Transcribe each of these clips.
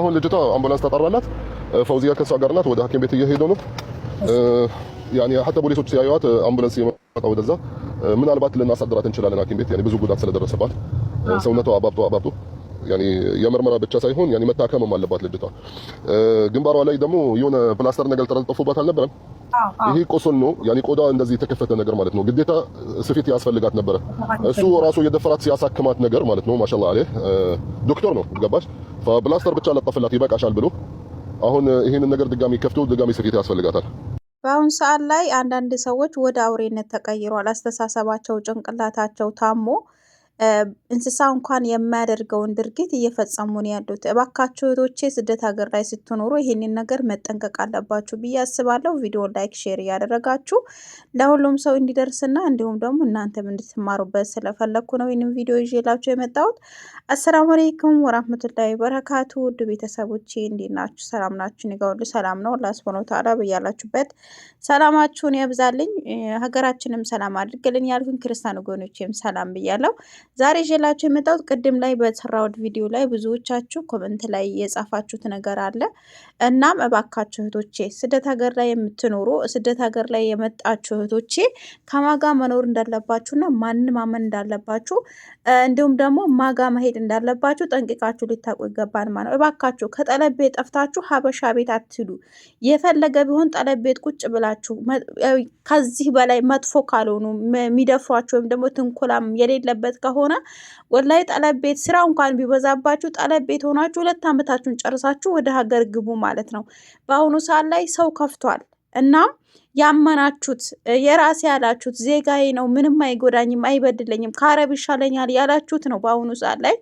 አሁን ልጅቷ አምቡላንስ ተጠራላት። ፈውዚያ ከሷ ጋር ናት። ወደ ሐኪም ቤት እየሄዱ ነው። ያኔ ሀታ ፖሊሶች ሲያዩዋት አምቡላንስ የመጣ ወደዛ ምናልባት ልናሳድራት እንችላለን ሐኪም ቤት ያኔ ብዙ ጉዳት ስለደረሰባት ሰውነቷ አባብጦ አባብጦ ያኔ የምርመራ ብቻ ሳይሆን ያኔ መታከምም አለባት ልጅቷ። ግንባሯ ላይ ደግሞ የሆነ ፕላስተር ነገር ተለጥፎባት አልነበረም? ይሄ ቁስል ነው ያኔ ቆዳ እንደዚህ የተከፈተ ነገር ማለት ነው። ግዴታ ስፌት ያስፈልጋት ነበረ። እሱ ራሱ የደፈራት ሲያሳክማት ነገር ማለት ነው። ማሻአላ አለ ዶክተር ነው ገባሽ? ፕላስተር ብቻ ለጠፍላት ይበቃሻል ብሎ አሁን ይህንን ነገር ድጋሚ ከፍቶ ድጋሚ ስፌት ያስፈልጋታል። በአሁን ሰዓት ላይ አንዳንድ ሰዎች ወደ አውሬነት ተቀይሯል አስተሳሰባቸው፣ ጭንቅላታቸው ታሞ እንስሳ እንኳን የማያደርገውን ድርጊት እየፈጸሙ ነው ያሉት። እባካችሁ እህቶቼ ስደት ሀገር ላይ ስትኖሩ ይህንን ነገር መጠንቀቅ አለባችሁ ብዬ አስባለሁ። ቪዲዮ ላይክ፣ ሼር እያደረጋችሁ ለሁሉም ሰው እንዲደርስና እንዲሁም ደግሞ እናንተም እንድትማሩበት ስለፈለግኩ ነው ይህንም ቪዲዮ ይዤላችሁ የመጣሁት። አሰላሙ አለይኩም ወራህመቱላሂ በረካቱ ውድ ቤተሰቦቼ እንዴት ናችሁ? ሰላም ናችሁ? እኔ ጋር ሁሉ ሰላም ነው። አላህ ሱብሃነሁ ወተዓላ በያላችሁበት ሰላማችሁን ያብዛልኝ፣ ሀገራችንም ሰላም አድርግልኝ ያልኩኝ ክርስቲያን ወገኖቼም ሰላም ብያለሁ። ዛሬ ይዤላችሁ የመጣሁት ቅድም ላይ በሰራሁት ቪዲዮ ላይ ብዙዎቻችሁ ኮመንት ላይ የጻፋችሁት ነገር አለ። እናም እባካችሁ እህቶቼ ስደት ሀገር ላይ የምትኖሩ ስደት ሀገር ላይ የመጣችሁ እህቶቼ ከማጋ መኖር እንዳለባችሁና ማንን ማመን እንዳለባችሁ እንዲሁም ደግሞ ማጋ መሄድ እንዳለባችሁ ጠንቅቃችሁ ልታውቁ ይገባል ማለት ነው። እባካችሁ ከጠለብ ቤት ጠፍታችሁ ሀበሻ ቤት አትሂዱ። የፈለገ ቢሆን ጠለብ ቤት ቁጭ ብላችሁ ከዚህ በላይ መጥፎ ካልሆኑ የሚደፍሯችሁ ወይም ደግሞ ትንኮላም የሌለበት ከሆነ ስለሆነ ወላይ ጠለብ ቤት ስራ እንኳን ቢበዛባችሁ ጠለብ ቤት ሆናችሁ ሁለት ዓመታችሁን ጨርሳችሁ ወደ ሀገር ግቡ ማለት ነው። በአሁኑ ሰዓት ላይ ሰው ከፍቷል። እናም ያመናችሁት የራሴ ያላችሁት ዜጋዬ ነው፣ ምንም አይጎዳኝም፣ አይበድለኝም፣ ከአረብ ይሻለኛል ያላችሁት ነው በአሁኑ ሰዓት ላይ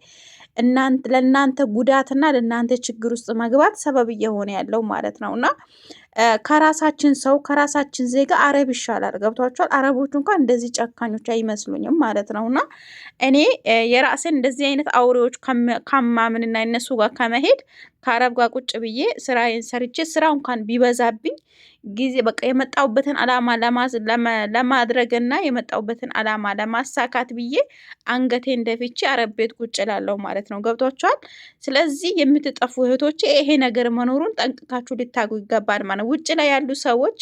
ለእናንተ ጉዳትና ለእናንተ ችግር ውስጥ መግባት ሰበብ እየሆነ ያለው ማለት ነው እና ከራሳችን ሰው ከራሳችን ዜጋ አረብ ይሻላል። ገብቷችኋል? አረቦቹ እንኳን እንደዚህ ጨካኞች አይመስሉኝም ማለት ነው። እና እኔ የራሴን እንደዚህ አይነት አውሬዎች ከማምንና እነሱ ጋር ከመሄድ ከአረብ ጋር ቁጭ ብዬ ስራዬን ሰርቼ ስራ እንኳን ቢበዛብኝ ጊዜ በቃ የመጣሁበትን አላማ ለማድረግና የመጣሁበትን አላማ ለማሳካት ብዬ አንገቴ ደፍቼ አረብ ቤት ቁጭ ላለው ማለት ነው። ገብቷችኋል? ስለዚህ የምትጠፉ እህቶቼ ይሄ ነገር መኖሩን ጠንቅቃችሁ ሊታጉ ይገባል ማለት ነው። ነው። ውጭ ላይ ያሉ ሰዎች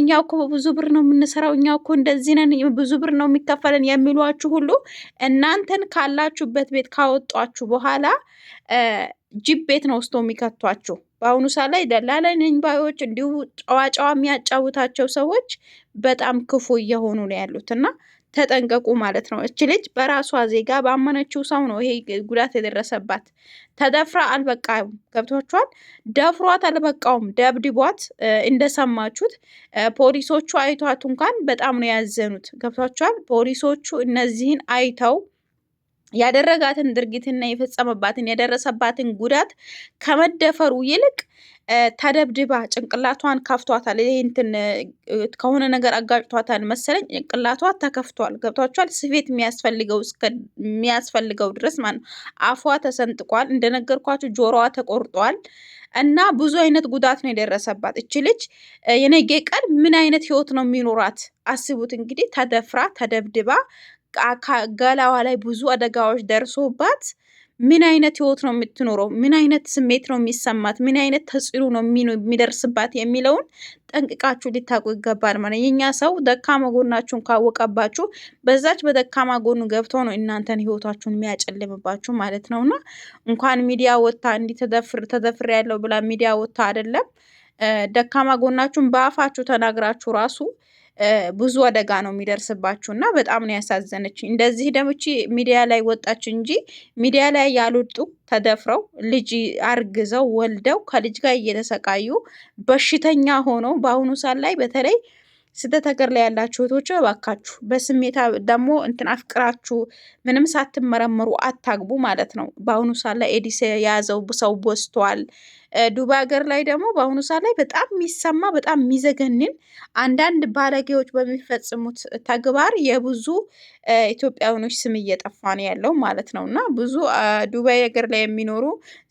እኛ እኮ በብዙ ብር ነው የምንሰራው፣ እኛ እኮ እንደዚህ ነን፣ ብዙ ብር ነው የሚከፈለን የሚሏችሁ ሁሉ እናንተን ካላችሁበት ቤት ካወጧችሁ በኋላ ጅብ ቤት ነው ውስጥ የሚከቷችሁ። በአሁኑ ሰዓት ላይ ደላላ ነኝ ባዮች እንዲሁ ጨዋ የሚያጫውታቸው ሰዎች በጣም ክፉ እየሆኑ ነው ያሉት እና ተጠንቀቁ ማለት ነው። እች ልጅ በራሷ ዜጋ ባመነችው ሰው ነው ይሄ ጉዳት የደረሰባት። ተደፍራ አልበቃውም፣ ገብቷቸዋል። ደፍሯት አልበቃውም፣ ደብድቧት። እንደሰማችሁት ፖሊሶቹ አይቷት እንኳን በጣም ነው ያዘኑት። ገብቷቸዋል። ፖሊሶቹ እነዚህን አይተው ያደረጋትን ድርጊትና የፈጸመባትን የደረሰባትን ጉዳት ከመደፈሩ ይልቅ ተደብድባ ጭንቅላቷን ከፍቷታል። ይሄ እንትን ከሆነ ነገር አጋጭቷታል መሰለኝ ጭንቅላቷ ተከፍቷል። ገብቷቸዋል። ስፌት የሚያስፈልገው የሚያስፈልገው ድረስ ማለት አፏ ተሰንጥቋል። እንደነገርኳችሁ ጆሮዋ ተቆርጧል። እና ብዙ አይነት ጉዳት ነው የደረሰባት እች ልጅ። የነገ ቀን ምን አይነት ህይወት ነው የሚኖራት? አስቡት እንግዲህ ተደፍራ ተደብድባ ገላዋ ላይ ብዙ አደጋዎች ደርሶባት ምን አይነት ህይወት ነው የምትኖረው? ምን አይነት ስሜት ነው የሚሰማት? ምን አይነት ተጽዕኖ ነው የሚደርስባት የሚለውን ጠንቅቃችሁ ሊታቁ ይገባል። ማለት የኛ ሰው ደካማ ጎናችሁን ካወቀባችሁ በዛች በደካማ ጎኑ ገብቶ ነው እናንተን ህይወታችሁን የሚያጨልምባችሁ ማለት ነው። እና እንኳን ሚዲያ ወጥታ እንዲ ተደፍር ያለው ብላ ሚዲያ ወጥታ አይደለም ደካማ ጎናችሁን በአፋችሁ ተናግራችሁ ራሱ ብዙ አደጋ ነው የሚደርስባችሁ እና በጣም ነው ያሳዘነች። እንደዚህ ደምቺ ሚዲያ ላይ ወጣች እንጂ ሚዲያ ላይ ያልወጡ ተደፍረው ልጅ አርግዘው ወልደው ከልጅ ጋር እየተሰቃዩ በሽተኛ ሆኖ በአሁኑ ሰዓት ላይ በተለይ ስደት ሀገር ላይ ያላችሁ እህቶች እባካችሁ በስሜታ ደግሞ እንትን አፍቅራችሁ ምንም ሳትመረምሩ አታግቡ ማለት ነው። በአሁኑ ሰዓት ላይ ኤዲስ የያዘው ሰው በዝቷል። ዱባ ሀገር ላይ ደግሞ በአሁኑ ሰዓት ላይ በጣም የሚሰማ በጣም የሚዘገንን አንዳንድ ባለጌዎች በሚፈጽሙት ተግባር የብዙ ኢትዮጵያውያኖች ስም እየጠፋ ነው ያለው ማለት ነው። እና ብዙ ዱባይ ሀገር ላይ የሚኖሩ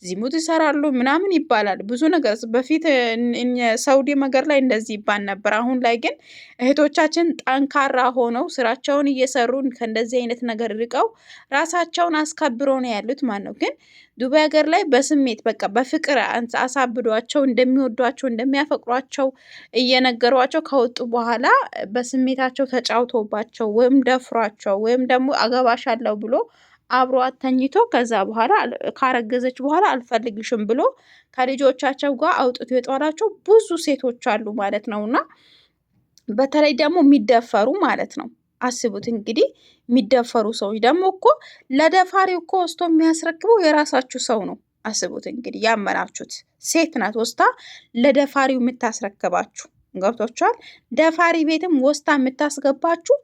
ዚሙት ይሰራሉ ምናምን ይባላል ብዙ ነገር። በፊት ሳውዲ ሀገር ላይ እንደዚህ ይባል ነበር። አሁን ላይ ግን እህቶቻችን ጠንካራ ሆነው ስራቸውን እየሰሩ ከእንደዚህ አይነት ነገር ርቀው ራሳቸውን አስከብረው ነው ያሉት ማለት ነው ግን ዱባይ ሀገር ላይ በስሜት በቃ በፍቅር አሳብዷቸው እንደሚወዷቸው እንደሚያፈቅሯቸው እየነገሯቸው ከወጡ በኋላ በስሜታቸው ተጫውቶባቸው ወይም ደፍሯቸው ወይም ደግሞ አገባሻለሁ ብሎ አብሮ አተኝቶ ከዛ በኋላ ካረገዘች በኋላ አልፈልግሽም ብሎ ከልጆቻቸው ጋር አውጥቶ የጧላቸው ብዙ ሴቶች አሉ ማለት ነው እና በተለይ ደግሞ የሚደፈሩ ማለት ነው አስቡት እንግዲህ የሚደፈሩ ሰዎች ደግሞ እኮ ለደፋሪ እኮ ወስቶ የሚያስረክበው የራሳችሁ ሰው ነው። አስቡት እንግዲህ ያመናችሁት ሴት ናት ወስታ ለደፋሪው የምታስረክባችሁ። ገብቶችኋል? ደፋሪ ቤትም ወስታ የምታስገባችሁ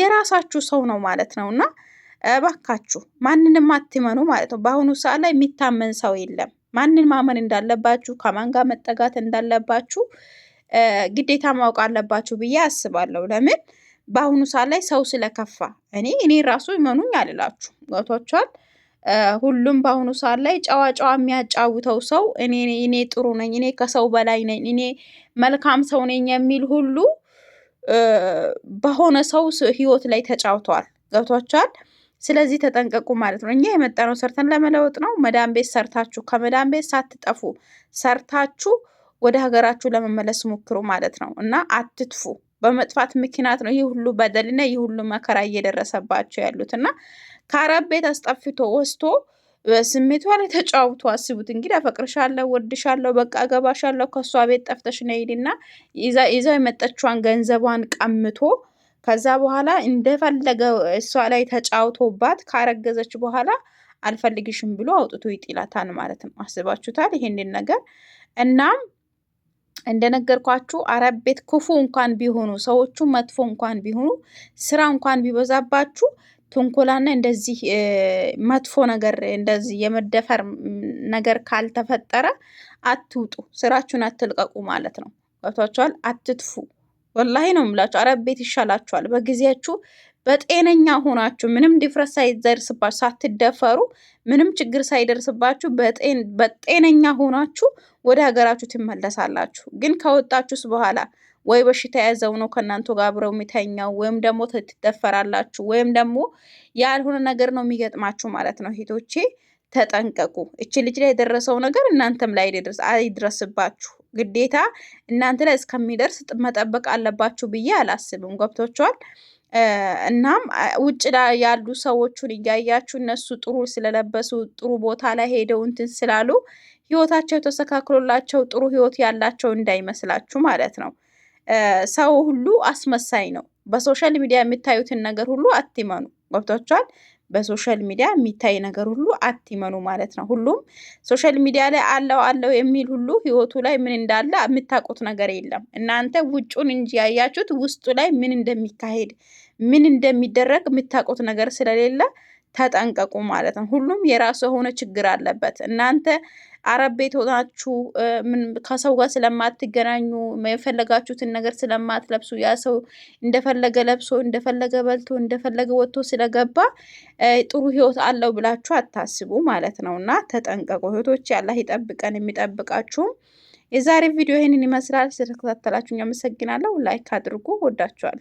የራሳችሁ ሰው ነው ማለት ነው። እና እባካችሁ ማንንም አትመኑ ማለት ነው። በአሁኑ ሰዓት ላይ የሚታመን ሰው የለም። ማንን ማመን እንዳለባችሁ ከማን ጋር መጠጋት እንዳለባችሁ ግዴታ ማወቅ አለባችሁ ብዬ አስባለሁ። ለምን በአሁኑ ሰዓት ላይ ሰው ስለከፋ እኔ እኔ ራሱ ይመኑኝ አልላችሁ ገብቷችኋል። ሁሉም በአሁኑ ሰዓት ላይ ጨዋ ጨዋ የሚያጫውተው ሰው እኔ እኔ ጥሩ ነኝ፣ እኔ ከሰው በላይ ነኝ፣ እኔ መልካም ሰው ነኝ የሚል ሁሉ በሆነ ሰው ህይወት ላይ ተጫውተዋል። ገብቷችኋል። ስለዚህ ተጠንቀቁ ማለት ነው። እኛ የመጣነው ሰርተን ለመለወጥ ነው። መዳን ቤት ሰርታችሁ ከመዳን ቤት ሳትጠፉ ሰርታችሁ ወደ ሀገራችሁ ለመመለስ ሞክሩ ማለት ነው እና አትትፉ። በመጥፋት ምክንያት ነው ይህ ሁሉ በደልና ይህ ሁሉ መከራ እየደረሰባቸው ያሉት እና ከአረብ ቤት አስጠፍቶ ወስቶ ስሜቷ ላይ ተጫውቶ አስቡት እንግዲህ አፈቅርሻለሁ፣ ወድሻለሁ፣ በቃ አገባሻለሁ ከእሷ ቤት ጠፍተሽ ነይድና ይዛው የመጣችዋን ገንዘቧን ቀምቶ ከዛ በኋላ እንደፈለገ እሷ ላይ ተጫውቶባት ካረገዘች በኋላ አልፈልግሽም ብሎ አውጥቶ ይጥላታል ማለት ነው። አስባችሁታል ይሄንን ነገር እናም እንደነገርኳችሁ አረብ ቤት ክፉ እንኳን ቢሆኑ ሰዎቹ መጥፎ እንኳን ቢሆኑ ስራ እንኳን ቢበዛባችሁ ትንኮላና እንደዚህ መጥፎ ነገር እንደዚህ የመደፈር ነገር ካልተፈጠረ አትውጡ፣ ስራችሁን አትልቀቁ ማለት ነው። ገብቷችኋል? አትጥፉ። ወላሂ ነው የምላችሁ። አረብ ቤት ይሻላችኋል። በጊዜያችሁ በጤነኛ ሆናችሁ ምንም ድፍረት ሳይደርስባችሁ ሳትደፈሩ ምንም ችግር ሳይደርስባችሁ በጤነኛ ሆናችሁ ወደ ሀገራችሁ ትመለሳላችሁ። ግን ከወጣችሁስ በኋላ ወይ በሽታ የያዘው ነው ከእናንተ ጋር አብረው የሚተኛው ወይም ደግሞ ትደፈራላችሁ ወይም ደግሞ ያልሆነ ነገር ነው የሚገጥማችሁ ማለት ነው። ሂቶቼ ተጠንቀቁ። እቺ ልጅ ላይ የደረሰው ነገር እናንተም ላይ አይድረስባችሁ። ግዴታ እናንተ ላይ እስከሚደርስ መጠበቅ አለባችሁ ብዬ አላስብም። ገብቶችዋል። እናም ውጭ ላይ ያሉ ሰዎቹን እያያችሁ እነሱ ጥሩ ስለለበሱ ጥሩ ቦታ ላይ ሄደው እንትን ስላሉ ህይወታቸው ተስተካክሎላቸው ጥሩ ህይወት ያላቸው እንዳይመስላችሁ ማለት ነው። ሰው ሁሉ አስመሳይ ነው። በሶሻል ሚዲያ የምታዩትን ነገር ሁሉ አትመኑ። ገብቷችኋል። በሶሻል ሚዲያ የሚታይ ነገር ሁሉ አትመኑ ማለት ነው። ሁሉም ሶሻል ሚዲያ ላይ አለው አለው የሚል ሁሉ ህይወቱ ላይ ምን እንዳለ የምታውቁት ነገር የለም። እናንተ ውጩን እንጂ ያያችሁት ውስጡ ላይ ምን እንደሚካሄድ ምን እንደሚደረግ የምታውቁት ነገር ስለሌለ ተጠንቀቁ ማለት ነው። ሁሉም የራሱ የሆነ ችግር አለበት። እናንተ አረብ ቤት ሆናችሁ ከሰው ጋር ስለማትገናኙ የፈለጋችሁትን ነገር ስለማትለብሱ ያ ሰው እንደፈለገ ለብሶ እንደፈለገ በልቶ እንደፈለገ ወጥቶ ስለገባ ጥሩ ህይወት አለው ብላችሁ አታስቡ ማለት ነው እና ተጠንቀቁ እህቶች። አላህ ይጠብቀን የሚጠብቃችሁም። የዛሬ ቪዲዮ ይህንን ይመስላል። ስለተከታተላችሁ አመሰግናለሁ። ላይክ አድርጉ። ወዳችኋለሁ።